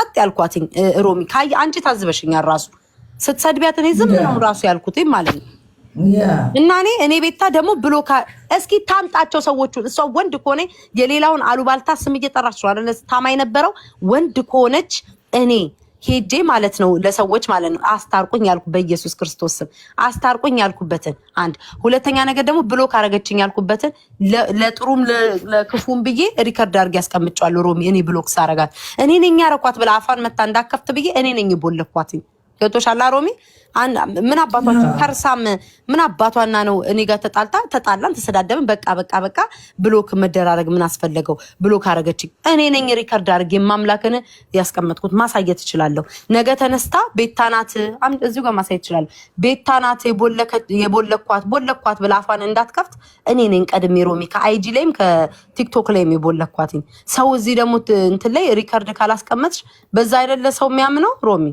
ጸጥ ያልኳትኝ ሮሚ ካየ አንቺ ታዝበሽኛል። ራሱ ስትሰድቢያት እኔ ዝም ነው ራሱ ያልኩትኝ ማለት ነው። እና እኔ እኔ ቤታ ደግሞ ብሎ እስኪ ታምጣቸው ሰዎቹን። እሷ ወንድ ከሆነ የሌላውን አሉባልታ ስም እየጠራች ታማ የነበረው ወንድ ከሆነች እኔ ሄጄ ማለት ነው ለሰዎች ማለት ነው አስታርቁኝ ያልኩ በኢየሱስ ክርስቶስ ስም አስታርቁኝ ያልኩበትን አንድ ሁለተኛ ነገር ደግሞ ብሎክ አረገችኝ ያልኩበትን ለጥሩም ለክፉም ብዬ ሪከርድ አድርጌ ያስቀምጫዋለሁ። ሮሚ እኔ ብሎክ ሳረጋት እኔ ነኝ ያረኳት ብላ አፋን መታ እንዳከፍት ብዬ እኔ ነኝ ቦለኳትኝ። ገብቶሻል አሮሚ ምን አባቷ ከርሳም ምን አባቷና ነው እኔ ጋር ተጣልታ ተጣላን ተሰዳደብን በቃ በቃ በቃ ብሎክ መደራረግ ምን አስፈለገው ብሎክ አረገችኝ እኔ ነኝ ሪከርድ አድርጌ የማምላክን ያስቀመጥኩት ማሳየት እችላለሁ ነገ ተነስታ ቤታናት እዚሁ ጋር ማሳየት እችላለሁ ቤታናት የቦለኳት ቦለኳት ብላ አፏን እንዳትከፍት እኔ ነኝ ቀድሜ ሮሚ ከአይጂ ላይም ከቲክቶክ ላይም የቦለኳትኝ ሰው እዚህ ደግሞ እንትን ላይ ሪከርድ ካላስቀመጥሽ በዛ አይደለ ሰው የሚያምነው ሮሚ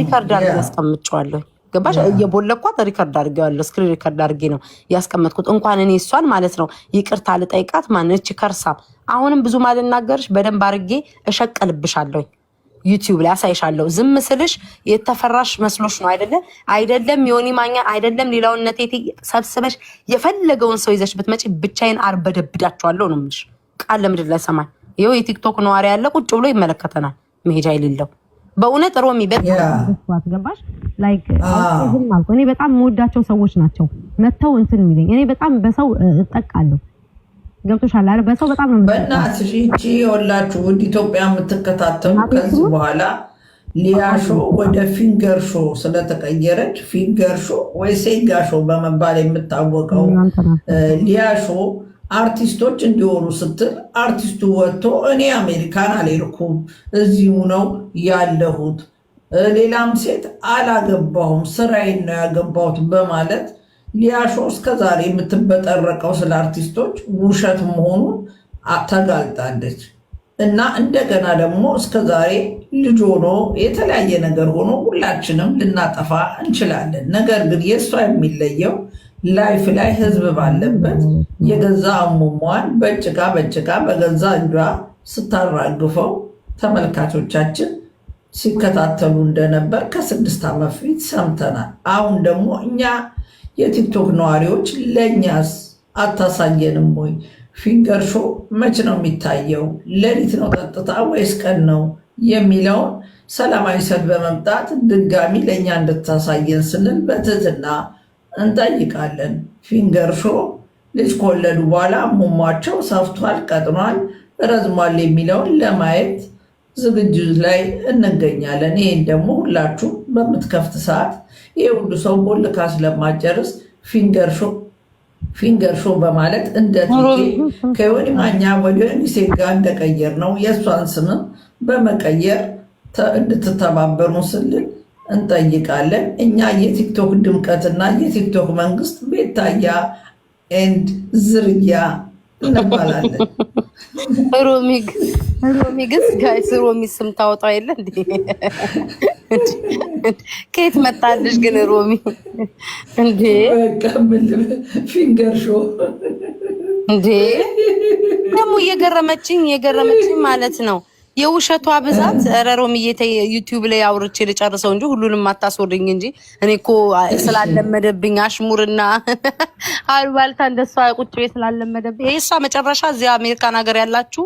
ሪከርድ አድርጌ ያስቀምጨዋለሁ። ገባሽ? የቦለኳት ሪከርድ አድርጌዋለሁ። ስክሪን ሪከርድ አድርጌ ነው ያስቀመጥኩት። እንኳን እኔ እሷን ማለት ነው ይቅርታ ልጠይቃት ማነች ከርሳም። አሁንም ብዙ ማልናገርሽ በደንብ አድርጌ እሸቀልብሻለሁ። ዩቲዩብ ላይ አሳይሻለሁ። ዝም ስልሽ የተፈራሽ መስሎሽ ነው አይደለ? አይደለም የሆኒ ማኛ አይደለም ሌላውን ነቴቴ ሰብስበሽ የፈለገውን ሰው ይዘሽ ብትመጪ ብቻዬን አርበደብዳቸዋለሁ ነው የምልሽ። ቃል ለምድር ላይ ሰማይ ይኸው የቲክቶክ ነዋሪ ያለ ቁጭ ብሎ ይመለከተናል መሄጃ የሌለው በእውነት ሮሚ ገባሽ? ላይክ አልኩ እኔ በጣም መወዳቸው ሰዎች ናቸው መተው እንትን የሚለኝ እኔ በጣም በሰው እጠቃለሁ። ገብቶሻል አይደል? በሰው በጣም ነው በእናትሽ ይቺ የወላችሁ ውድ ኢትዮጵያ የምትከታተሉ ከዚህ በኋላ ሊያሾ ወደ ፊንገር ሾ ስለተቀየረች ፊንገር ሾ ወይ ሴጋ ሾ በመባል የምታወቀው ሊያሾ አርቲስቶች እንዲሆኑ ስትል አርቲስቱ ወጥቶ እኔ አሜሪካን አልሄድኩም እዚሁ ነው ያለሁት፣ ሌላም ሴት አላገባሁም ስራዬን ነው ያገባሁት በማለት ሊያሾ እስከዛሬ የምትበጠረቀው ስለ አርቲስቶች ውሸት መሆኑን ተጋልጣለች። እና እንደገና ደግሞ እስከዛሬ ልጅ ሆኖ የተለያየ ነገር ሆኖ ሁላችንም ልናጠፋ እንችላለን። ነገር ግን የእሷ የሚለየው ላይፍ ላይ ህዝብ ባለበት የገዛ አሙሟን በጭቃ በጭቃ በገዛ እጇ ስታራግፈው ተመልካቾቻችን ሲከታተሉ እንደነበር ከስድስት ዓመት ፊት ሰምተናል። አሁን ደግሞ እኛ የቲክቶክ ነዋሪዎች ለእኛስ አታሳየንም ወይ? ፊንገርሾ መች ነው የሚታየው? ሌሊት ነው ጠጥታ ወይስ ቀን ነው የሚለውን ሰላማዊ ሰልፍ በመምጣት ድጋሚ ለእኛ እንድታሳየን ስንል በትህትና እንጠይቃለን። ፊንገር ልጅ ከወለዱ በኋላ ሙሟቸው ሰፍቷል፣ ቀጥኗል፣ ረዝሟል የሚለውን ለማየት ዝግጅት ላይ እንገኛለን። ይህን ደግሞ ሁላችሁ በምትከፍት ሰዓት ይህ ሁሉ ሰው ቦልካ ስለማጨርስ ፊንገርሾ ሾ በማለት እንደ ከዮኒ ማኛ ወደ ዩኒሴፍ እንደቀየር ነው የእሷን ስምም በመቀየር እንድትተባበሩ ስልን እንጠይቃለን። እኛ የቲክቶክ ድምቀትና የቲክቶክ መንግስት ቤታያ ኤንድ ዝርያ እንባላለን። ሮሚ ግስ ጋይስ ሮሚ ስም ታወጣ የለ እንዴ? ከየት መጣልሽ ግን ሮሚ እንዴ? ፊንገር ሾ እንዴ? ደግሞ የገረመችኝ የገረመችኝ ማለት ነው የውሸቷ ብዛት ረሮም እየተ ዩቲዩብ ላይ አውርቼ ልጨርሰው እንጂ ሁሉንም አታስወርኝ እንጂ እኔ እኮ ስላለመደብኝ አሽሙርና አልባልታ እንደሷ ቁጭ ቤት ስላለመደብኝ የእሷ መጨረሻ እዚያ አሜሪካን ሀገር ያላችሁ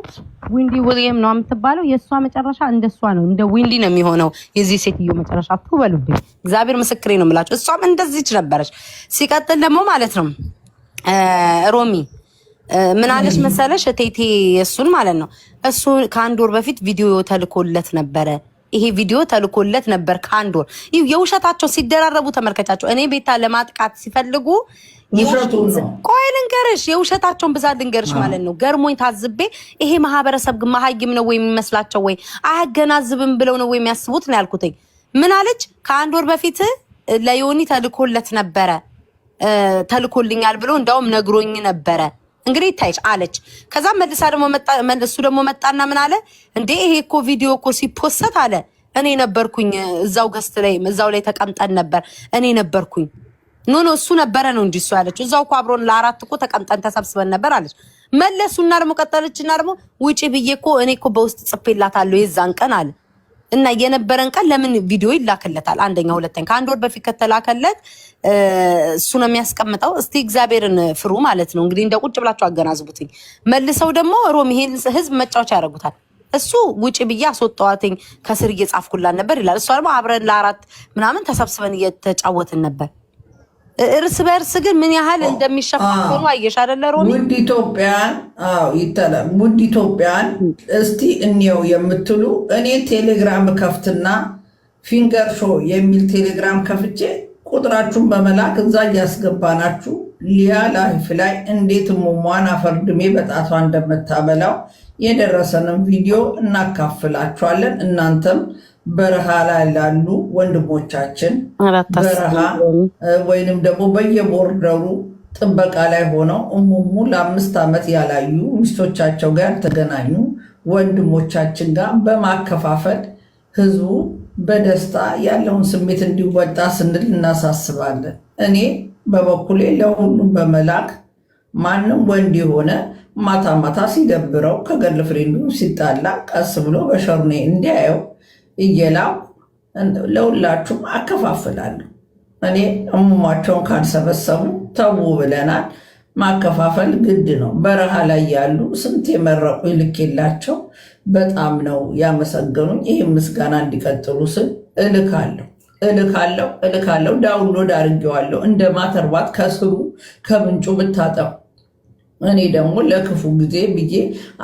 ዊንዲ ዊሊየም ነው የምትባለው። የእሷ መጨረሻ እንደሷ ነው፣ እንደ ዊንዲ ነው የሚሆነው። የዚህ ሴትዮ መጨረሻ ትበሉብኝ። እግዚአብሔር ምስክሬ ነው የምላቸው። እሷም እንደዚች ነበረች። ሲቀጥል ደግሞ ማለት ነው ሮሚ ምን አለች መሰለሽ እቴቴ እሱን ማለት ነው እሱ ከአንድ ወር በፊት ቪዲዮ ተልኮለት ነበረ ይሄ ቪዲዮ ተልኮለት ነበር ከአንድ ወር የውሸታቸው ሲደራረቡ ተመልከቻቸው እኔ ቤታ ለማጥቃት ሲፈልጉ ቆይ ልንገርሽ የውሸታቸውን ብዛት ልንገርሽ ማለት ነው ገርሞኝ ታዝቤ ይሄ ማህበረሰብ ግን መሀይም ነው ወይ የሚመስላቸው ወይ አያገናዝብም ብለው ነው ወይ የሚያስቡት ነው ያልኩትኝ ምን አለች ከአንድ ወር በፊት ለዮኒ ተልኮለት ነበረ ተልኮልኛል ብሎ እንዳውም ነግሮኝ ነበረ እንግዲህ ይታይሽ አለች። ከዛ መልሳ ደግሞ እሱ ደግሞ መጣና ምን አለ እንዴ ይሄ እኮ ቪዲዮ እኮ ሲፖሰት አለ እኔ ነበርኩኝ እዛው ገስት ላይ እዛው ላይ ተቀምጠን ነበር እኔ ነበርኩኝ። ኖ ኖ እሱ ነበረ ነው እንጂ እሱ ያለችው እዛው እኮ አብሮን ለአራት እኮ ተቀምጠን ተሰብስበን ነበር አለች። መለሱና ደግሞ ቀጠለችና ደግሞ ውጪ ብዬ እኮ እኔ እኮ በውስጥ ጽፌላታለሁ የዛን ቀን አለ እና የነበረን ቀን ለምን ቪዲዮ ይላክለታል? አንደኛ ሁለተኛ፣ ከአንድ ወር በፊት ከተላከለት እሱ ነው የሚያስቀምጠው። እስቲ እግዚአብሔርን ፍሩ ማለት ነው እንግዲህ እንደ ቁጭ ብላችሁ አገናዝቡትኝ። መልሰው ደግሞ ሮም ይሄን ህዝብ መጫወቻ ያደርጉታል። እሱ ውጭ ብዬ አስወጣዋትኝ ከስር እየጻፍኩላን ነበር ይላል። እሷ ደግሞ አብረን ለአራት ምናምን ተሰብስበን እየተጫወትን ነበር እርስ በእርስ ግን ምን ያህል እንደሚሸፋፈኑ አየሽ አይደለ ሮሚ? ውድ ኢትዮጵያን ይተላል። ውድ ኢትዮጵያን እስቲ እኔው የምትሉ እኔ ቴሌግራም ከፍትና ፊንገር ሾ የሚል ቴሌግራም ከፍቼ ቁጥራችሁን በመላክ እዛ እያስገባናችሁ ሊያ ላይፍ ላይ እንዴት ሙሟን አፈርድሜ በጣቷ እንደምታበላው የደረሰንም ቪዲዮ እናካፍላችኋለን እናንተም በረሃ ላይ ላሉ ወንድሞቻችን በረሃ ወይንም ደግሞ በየቦርደሩ ጥበቃ ላይ ሆነው እሙሙ ለአምስት ዓመት ያላዩ ሚስቶቻቸው ጋር ተገናኙ ወንድሞቻችን ጋር በማከፋፈል ህዝቡ በደስታ ያለውን ስሜት እንዲወጣ ስንል እናሳስባለን። እኔ በበኩሌ ለሁሉም በመላክ ማንም ወንድ የሆነ ማታ ማታ ሲደብረው ከገል ፍሬንዱ ሲጣላ ቀስ ብሎ በሸርኔ እንዲያየው እየላው ለሁላችሁም አከፋፍላለሁ። እኔ እሙማቸውን ካልሰበሰቡ ተዉ ብለናል። ማከፋፈል ግድ ነው። በረሃ ላይ ያሉ ስንት የመረቁ ይልኬላቸው በጣም ነው ያመሰገኑኝ። ይህ ምስጋና እንዲቀጥሉ ስል እልካለሁ እልካለሁ እልካለሁ። ዳውንሎድ አድርጌዋለሁ። እንደ ማተርባት ከስሩ ከምንጩ ብታጠቁ እኔ ደግሞ ለክፉ ጊዜ ብዬ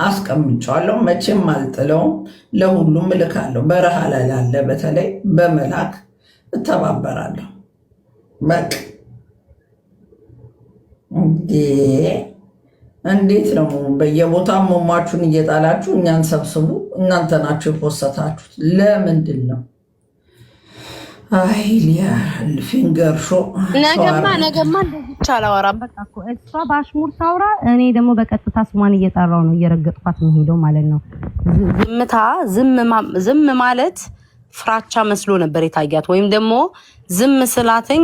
አስቀምጫለሁ። መቼም አልጥለውም። ለሁሉም እልካለሁ። በረሃ ላይ ላለ በተለይ በመላክ እተባበራለሁ። በቃ እንዴት ነው በየቦታ መሟችሁን እየጣላችሁ እኛን ሰብስቡ። እናንተ ናችሁ የፖሰታችሁት። ለምንድን ነው? አይ ሊያ ፊንገር ሾ ነገማ ነገማ እንደዚህ አላወራም። በቃ እኮ እሷ በአሽሙር ታውራ፣ እኔ ደግሞ በቀጥታ ስሟን እየጠራው ነው እየረገጥኳት መሄደው ማለት ነው። ዝምታ ዝም ማለት ፍራቻ መስሎ ነበር የታያት፣ ወይም ደግሞ ዝም ስላትኝ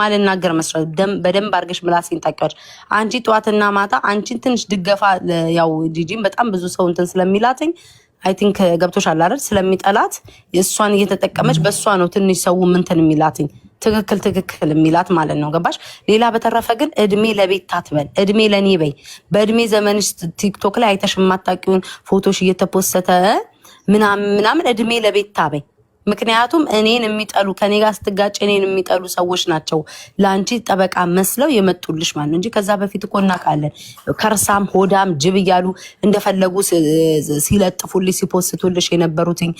ማልናገር መስራት በደንብ አድርገሽ ምላሴን ታውቂዋለሽ። አንቺ ጠዋትና ማታ አንቺን ትንሽ ድገፋ ያው ጂጂን በጣም ብዙ ሰው እንትን ስለሚላትኝ አይ ቲንክ ገብቶሻል አይደል? ስለሚጠላት እሷን እየተጠቀመች በእሷ ነው ትንሽ ሰው ምንትን የሚላትኝ ትክክል ትክክል የሚላት ማለት ነው። ገባሽ? ሌላ በተረፈ ግን እድሜ ለቤት ታትበል እድሜ ለእኔ በይ። በእድሜ ዘመንሽ ቲክቶክ ላይ አይተሽ የማታውቂውን ፎቶሽ እየተፖሰተ ምናምን ምናምን እድሜ ለቤት ታበይ። ምክንያቱም እኔን የሚጠሉ ከኔ ጋር ስትጋጭ እኔን የሚጠሉ ሰዎች ናቸው ለአንቺ ጠበቃ መስለው የመጡልሽ ማለት ነው እንጂ ከዛ በፊት እኮ እናውቃለን። ከርሳም፣ ሆዳም፣ ጅብ እያሉ እንደፈለጉ ሲለጥፉልሽ፣ ሲፖስቱልሽ የነበሩትኝ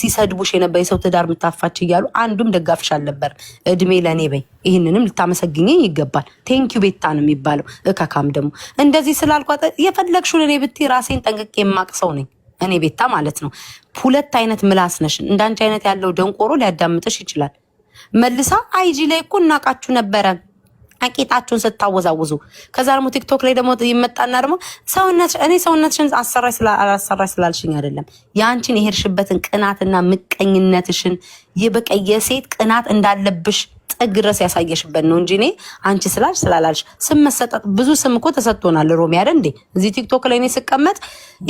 ሲሰድቡሽ የነበር የሰው ትዳር የምታፋች እያሉ አንዱም ደጋፍሽ አልነበር። እድሜ ለእኔ በይ። ይህንንም ልታመሰግኝ ይገባል። ቴንኪዩ ቤታ ነው የሚባለው። እካካም ደግሞ እንደዚህ ስላልኳ የፈለግሽውን እኔ ብትይ ራሴን ጠንቅቄ የማቅሰው ነኝ። እኔ ቤታ ማለት ነው። ሁለት አይነት ምላስ ነሽ። እንዳንቺ አይነት ያለው ደንቆሮ ሊያዳምጥሽ ይችላል። መልሳ አይጂ ላይ እኮ እናቃችሁ ነበረ አቂጣችሁን ስታወዛውዙ ከዛ ደግሞ ቲክቶክ ላይ ደግሞ ይመጣና ደግሞ እኔ ሰውነትሽን አሰራሽ አላሰራሽ ስላልሽኝ አይደለም የአንቺን የሄድሽበትን ቅናትና ምቀኝነትሽን የበቀየ ሴት ቅናት እንዳለብሽ ጥግ ድረስ ያሳየሽበት ነው እንጂ እኔ አንቺ ስላልሽ ስላላልሽ ስም መሰጠት ብዙ ስም እኮ ተሰጥቶናል። ሮሚ አይደል እንዴ? እዚህ ቲክቶክ ላይ እኔ ስቀመጥ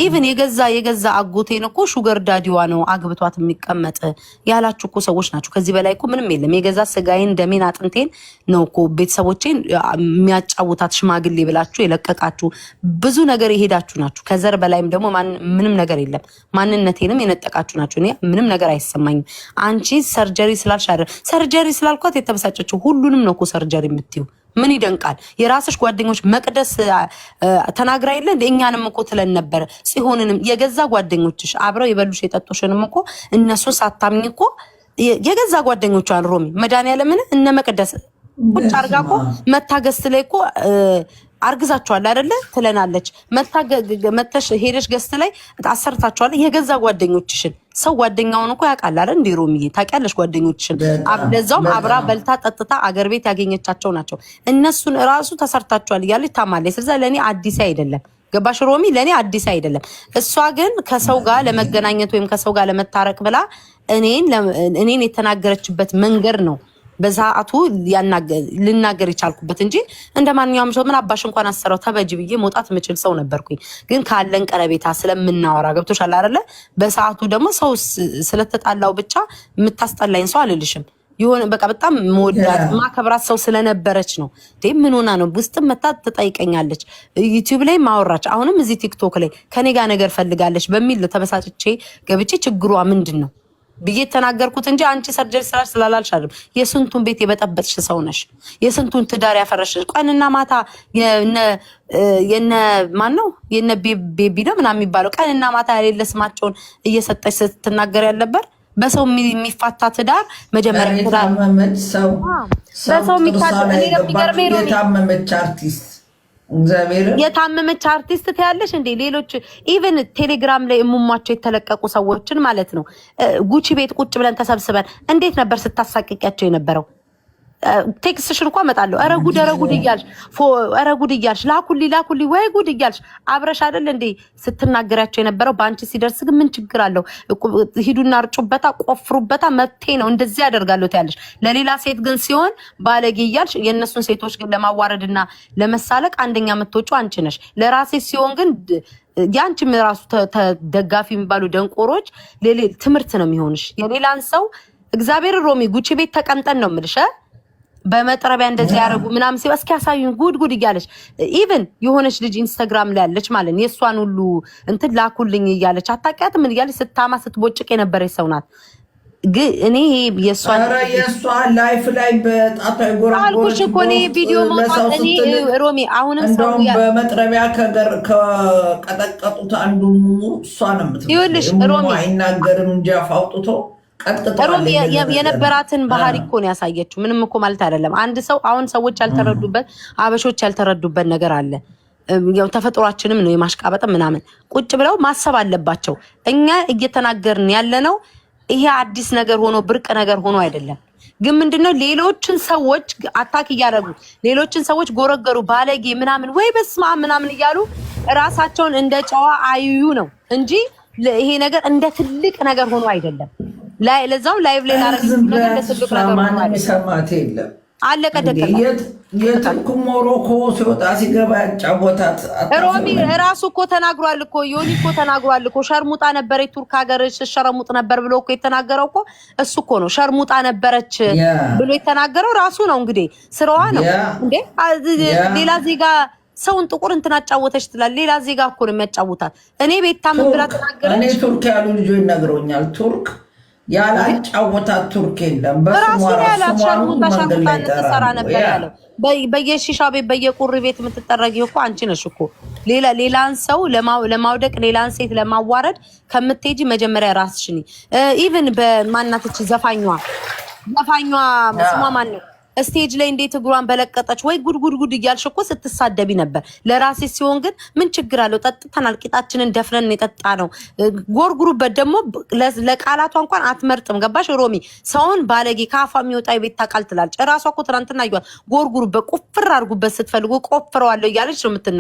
ኢቭን የገዛ የገዛ አጎቴን እኮ ሹገር ዳዲዋ ነው አግብቷት የሚቀመጥ ያላችሁ እኮ ሰዎች ናቸው። ከዚህ በላይ እኮ ምንም የለም። የገዛ ስጋዬን፣ ደሜን፣ አጥንቴን ነው እኮ ቤተሰቦቼን የሚያጫውታት ሽማግሌ ብላችሁ የለቀቃችሁ ብዙ ነገር የሄዳችሁ ናችሁ። ከዘር በላይም ደግሞ ምንም ነገር የለም። ማንነቴንም የነጠቃችሁ ናችሁ። ምንም ነገር አይሰማኝም። አንቺ ሰርጀሪ ስላልሽ ሰርጀሪ ስላልኳት የተበሳጨችው? ሁሉንም ነው እኮ ሰርጀሪ የምትዩ። ምን ይደንቃል? የራስሽ ጓደኞች መቅደስ ተናግራ የለ እኛንም እኮ ትለን ነበር ሲሆንንም የገዛ ጓደኞችሽ አብረው የበሉሽ የጠጡሽንም እኮ እነሱን ሳታምኝ እኮ የገዛ ጓደኞቿን ሮሚ መድኃኒዓለምን እነ መቅደስ ቁጭ አርጋ እኮ መታገስ ላይ እኮ አርግዛችኋል አይደለ ትለናለች። መተሽ ሄደሽ ገስት ላይ አሰርታችኋል። የገዛ ጓደኞችሽን ሰው ጓደኛውን እኮ ያውቃል አይደል? እንዲ ሮሚ ታውቂያለሽ። ጓደኞችሽን ለዛውም አብራ በልታ ጠጥታ አገር ቤት ያገኘቻቸው ናቸው። እነሱን እራሱ ተሰርታችኋል እያለች ታማለች። ስለዛ ለእኔ አዲስ አይደለም ገባሽ ሮሚ? ለእኔ አዲስ አይደለም። እሷ ግን ከሰው ጋር ለመገናኘት ወይም ከሰው ጋር ለመታረቅ ብላ እኔን የተናገረችበት መንገድ ነው በሰዓቱ ልናገር የቻልኩበት እንጂ እንደ ማንኛውም ሰው ምን አባሽ እንኳን አሰራው ተበጅ ብዬ መውጣት የምችል ሰው ነበርኩኝ። ግን ካለን ቀረቤታ ስለምናወራ ገብቶሻል አይደለ? በሰዓቱ ደግሞ ሰው ስለተጣላው ብቻ የምታስጠላኝ ሰው አልልሽም። የሆነ በቃ በጣም መወዳት ማከብራት ሰው ስለነበረች ነው። ምን ሆና ነው ውስጥም መታ ትጠይቀኛለች። ዩቲዩብ ላይ ማወራች፣ አሁንም እዚህ ቲክቶክ ላይ ከኔ ጋር ነገር ፈልጋለች በሚል ተበሳጭቼ ገብቼ ችግሯ ምንድን ነው ብዬ ተናገርኩት እንጂ አንቺ ሰርጀሪ ስራሽ ስላላልሽ አይደለም። የስንቱን ቤት የበጠበጥሽ ሰው ነሽ። የስንቱን ትዳር ያፈረሽ ቀንና ማታ የነ ማን ነው የነ ቤቢ ነው ምናምን የሚባለው ቀንና ማታ የሌለ ስማቸውን እየሰጠች ስትናገር ያለበት በሰው የሚፋታ ትዳር መጀመሪያ ትዳር ሰው ሰው የሚታመመች አርቲስት የታመመች አርቲስት ትያለሽ እንዴ? ሌሎች ኢቨን ቴሌግራም ላይ እሙሟቸው የተለቀቁ ሰዎችን ማለት ነው። ጉቺ ቤት ቁጭ ብለን ተሰብስበን እንዴት ነበር ስታሳቅቂያቸው የነበረው? ቴክስትሽን እንኳ መጣለሁ። ኧረ ጉድ ኧረ ጉድ እያልሽ ኧረ ጉድ እያልሽ ላኩሊ ላኩሊ ወይ ጉድ እያልሽ አብረሽ አይደል እንዴ ስትናገሪያቸው የነበረው። በአንቺ ሲደርስ ግን ምን ችግር አለው? ሂዱና እርጩበታ፣ ቆፍሩበታ፣ መብቴ ነው፣ እንደዚህ ያደርጋለሁ ትያለሽ። ለሌላ ሴት ግን ሲሆን ባለጌ እያልሽ የእነሱን ሴቶች ግን ለማዋረድና ለመሳለቅ አንደኛ የምትወጪው አንቺ ነሽ። ለራሴ ሲሆን ግን የአንቺም ራሱ ደጋፊ የሚባሉ ደንቆሮች ትምህርት ነው የሚሆንሽ የሌላን ሰው እግዚአብሔር ሮሚ ጉቺ ቤት ተቀምጠን ነው የምልሽ በመጥረቢያ እንደዚህ ያደረጉ ምናምን ሲባ እስኪ ያሳዩን ጉድ ጉድ እያለች ኢቨን የሆነች ልጅ ኢንስታግራም ላይ ያለች ማለት ነው የእሷን ሁሉ እንትን ላኩልኝ እያለች አታውቂያት ምን እያለች ስታማ ስትቦጭቅ የነበረች ሰው ናት። ግን እኔ ይሄ የእሷን ላይፍ ላይ በጣጣ ጎራጎራልኩሽ እኮ እኔ ቪዲዮ ማውጣት ሮሚ አሁንም ሰው በመጥረቢያ ከቀጠቀጡት አንዱ እሷ ነው የምትይኸውልሽ ሮሚ አይናገርም እንጂ አፍ የነበራትን ባህሪ እኮ ነው ያሳየችው። ምንም እኮ ማለት አይደለም። አንድ ሰው አሁን ሰዎች ያልተረዱበት አበሾች ያልተረዱበት ነገር አለ። ያው ተፈጥሯችንም ነው የማሽቃበጥ ምናምን። ቁጭ ብለው ማሰብ አለባቸው። እኛ እየተናገርን ያለነው ይሄ አዲስ ነገር ሆኖ ብርቅ ነገር ሆኖ አይደለም። ግን ምንድነው ሌሎችን ሰዎች አታክ እያደረጉ ሌሎችን ሰዎች ጎረገሩ፣ ባለጌ ምናምን ወይ በስማ ምናምን እያሉ ራሳቸውን እንደ ጨዋ አዩዩ ነው እንጂ ይሄ ነገር እንደ ትልቅ ነገር ሆኖ አይደለም። ላይ ለዛው ላይቭ ላይ የሚሰማት የለም። አለቀ ደቀቀ። የትኩ ሞሮኮ ሲወጣ ሲገባ ያጫወታት ሮሚ ራሱ እኮ ተናግሯል እኮ ዮኒ እኮ ተናግሯል እኮ ሸርሙጣ ነበረች ቱርክ ሀገር ሸረሙጥ ነበር ብሎ እኮ የተናገረው እኮ እሱ እኮ ነው። ሸርሙጣ ነበረች ብሎ የተናገረው ራሱ ነው። እንግዲህ ስራዋ ነው እንዴ ሌላ ዜጋ ሰውን ጥቁር እንትን አጫወተች ትላል። ሌላ ዜጋ እኮ ነው የሚያጫውታት። እኔ ቤታ ምን ብላ ተናገረች? እኔ ቱርክ ያሉ ልጆች ይነግረውኛል ቱርክ ያላጫወታት ቱርክ የለም። በራሱ ያላጫወታ ትሰራ ነበር ያለው። በየሺሻ ቤት በየቁሪ ቤት የምትጠረጊው እኮ አንቺ ነሽ እኮ። ሌላ ሌላን ሰው ለማውደቅ ሌላን ሴት ለማዋረድ ከምትሄጂ መጀመሪያ ራስሽን ኢቭን በማናትች ስሟ ማን ነው? ስቴጅ ላይ እንዴት እግሯን በለቀጠች ወይ ጉድጉድጉድ እያልሽ እኮ ስትሳደቢ ነበር። ለራሴ ሲሆን ግን ምን ችግር አለው? ጠጥተናል፣ ቂጣችንን ደፍነን የጠጣ ነው። ጎርጉሩበት ደግሞ ለቃላቷ እንኳን አትመርጥም። ገባሽ ሮሚ? ሰውን ባለጌ ከአፏ የሚወጣ የቤታ ቃል ትላለች። እራሷ እኮ ትናንትና ይዋል ጎርጉሩበት፣ ቁፍር አድርጉበት ስትፈልጉ ቆፍረዋለሁ እያለች ነው የምትናገ